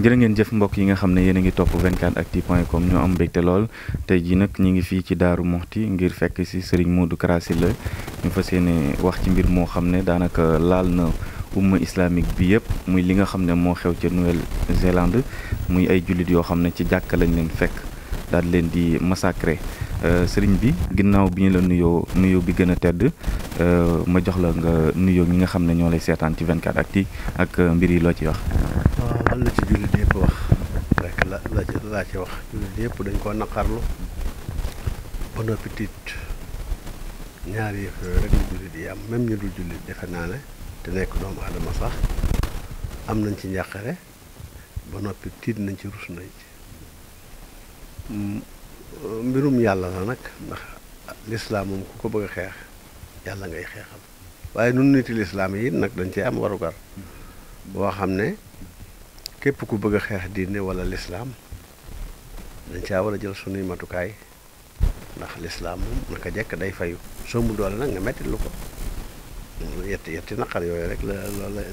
jërë ngeen jëf mbokk yi nga xam ne yéen ngi topp 24actu point com ñoo am te lool tey jii nag ñu ngi fii ci Daaru Muxti ngir fekk si moo Modou Kara la ñu fa yéene wax ci mbir moo xam ne daanaka laal na umma islamique bi yëpp muy li nga xam ne moo xew ca nuwel zélande muy ay jullit yoo xam ne ci jàkka lañ leen fekk daal leen di massacrer euh, sëriñ bi ginnaaw bi ñu la nuyoo nuyoo bi gën a tedd euh, ma jox la nga nuyoo ñi nga xam ne ñoo lay seetaan ci 24actu ak euh, mbir yi loo ci wax. laa ci wax jullit yëpp dañ ko naqarlu ba noppi tiit ñaari yëf yooyu rek ñu jullit yi am même ñu dul jullit defe naa ne te nekk doomu aadama sax am nañ ci njàqare ba noppi tiit nañ ci rus nañ ci mm, mbirum yàlla la nag ndax lislaam moom ku ko bëgg a xeex yàlla ngay xeexal waaye nun niti lislaam yi nag dañ cee am warugar boo xam ne képp ku bëgg a xeex diine wala lislaam dañ caa war a jël sunuy matukaay ndax lislaam moom naka jekk day fay soo mu doole nag nga mettit lu ko yetti yetti naqar yooyu rek la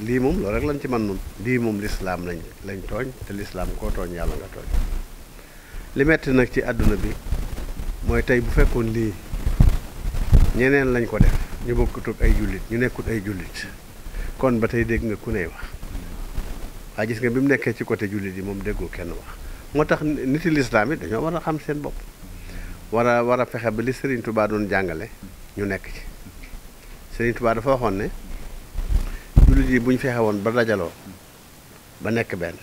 lii moom loolu rek lañ ci mën nun lii moom lislaam lañ lañ tooñ te lislaam koo tooñ yàlla nga tooñ li metti nag ci àdduna bi mooy tey bu fekkoon lii ñeneen lañ ko def ñu bokkut ay jullit ñu nekkut ay jullit kon ba tey dégg nga ku ney wax waaye gis nga bi mu nekkee ci côté jullit yi moom déggoo kenn wax moo tax nit yi lislaam yi dañoo war a xam seen bopp war a war a fexe ba li Serigne tubaa doon jàngale ñu nekk ci Serigne Touba dafa waxoon ne jullit buñ fexe woon ba dajaloo ba nekk benn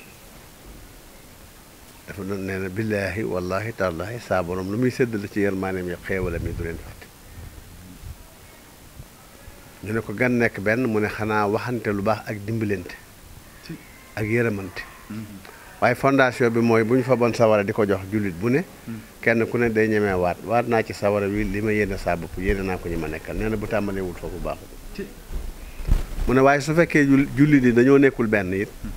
dafa doon nee na billaahi wallaahi tallaahi saa borom lu muy séddale ci yërmaaneem yi xéewale mi du leen fàtte ñu ne ko gan nekk benn mu ne xanaa waxante lu baax ak dimbalante ak yërëmante mm-hmm. waaye fondation bi mooy bu ñu fa bon sawara di ko jox jullit bu ne hmm. kenn ku ne day ñemee waat waat naa ci sawara wi li ma yéene saa bopp yéene naa ko ñu ma nekkal nee na bu tàmbaleewul bu baaxul mu ne waaye su fekkee jullit yi dañoo nekkul benn it hmm.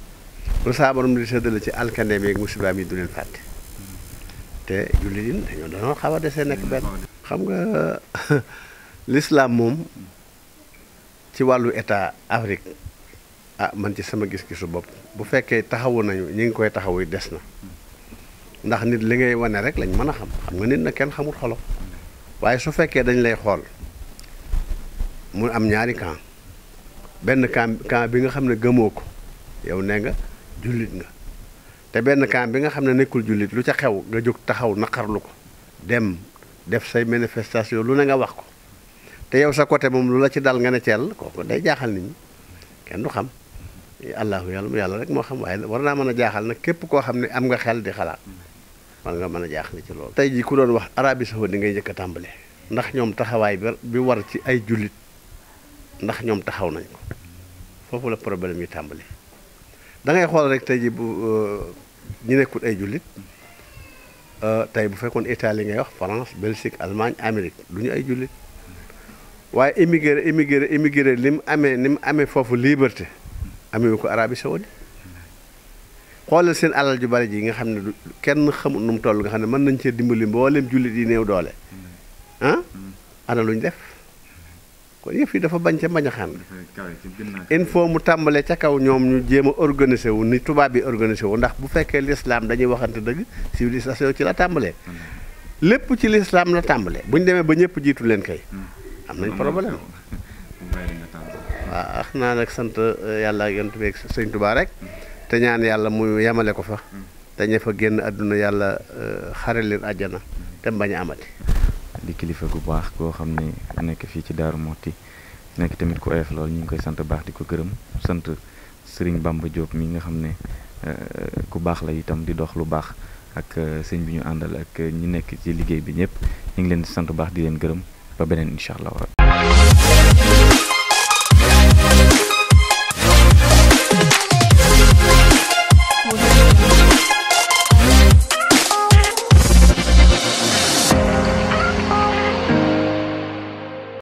lu saabaram di séddale ci alkandeem yeeg musibaam yi du leen fàtte hmm. te jullit yi dañoo dañoo xaw a desee nekk benn xam nga lislaam moom ci wàllu état Afrique ah man ci sama gis-gisu bopp bu fekkee taxawu nañu ñi ngi koy taxawu des na ndax nit li ngay wane rek lañ mën a xam xam nga nit na kenn xamul xolo waaye su fekkee dañ lay xool mu am ñaari camp benn camp camp bi nga xam ne gëmoo ko yow nee nga jullit nga te benn camp bi nga xam ne nekkul jullit lu ca xew nga jóg taxaw naqarlu ko dem def say manifestation lu ne nga wax ko te yow sa côté moom lu la ci dal nga ne teel kooku day jaaxal nit ñi kenn du xam allahu yàlla yàlla rek moo xam waaye war naa mën a jaaxal nag képp koo xam ne am nga xel di xalaat war nga mën a jaaxal jaaxle ci loolu tey jii ku doon wax Arabie Saoudite ngay njëkk a ndax ñoom taxawaay bi war ci ay jullit ndax ñoom taxaw nañ foofu la problème yi tàmbale da xool rek tey jii bu euh, ñu nekkul ay jullit euh, tey bu fekkoon Italie ngay wax France Belgique Allemagne Amérique du ñu ay jullit waaye immigré immigré li mu amee ni mu amee foofu liberté amee ko Arabie Saoudite xoolal seen alal ju bari ji nga xam ne du kenn xamul nu mu toll nga xam ne mën nañ cee dimbali mboolem jullit yi néew doole ah ana luñ def kon yëf yi dafa bañ ca mbañaxaan il faut mu tàmbale ca kaw ñoom ñu jéem a organiser wu ni tubaab bi organiser wu ndax bu fekkee lislaam dañuy waxante dëgg civilisation ci la tàmbalee lépp ci lislaam la tàmbalee bu ñu demee ba ñëpp jiitu leen kay am nañ problème waa ax naa nag sant eh, yàlla ak yonent bi ak sëñ Tuubaa rek teñaan yàlla mu yemale ko fa dañu fa génn àdduna yàlla eh, xare leen àjjana te bañ amati di kilifa gu baax koo xam ne nekk fii ci Daaru Muxti nekk tamit ku oyof lool ñu ngi koy sant baax di ko gërëm sant sëriñ Bamba Diop mi nga xam ne eh, ku baax la itam di dox lu baax ak sëñ bi ñu àndal ak ñu nekk ci liggéey bi ñëpp ñu ngi leen di sant baax di leen gërëm ba beneen incha allah.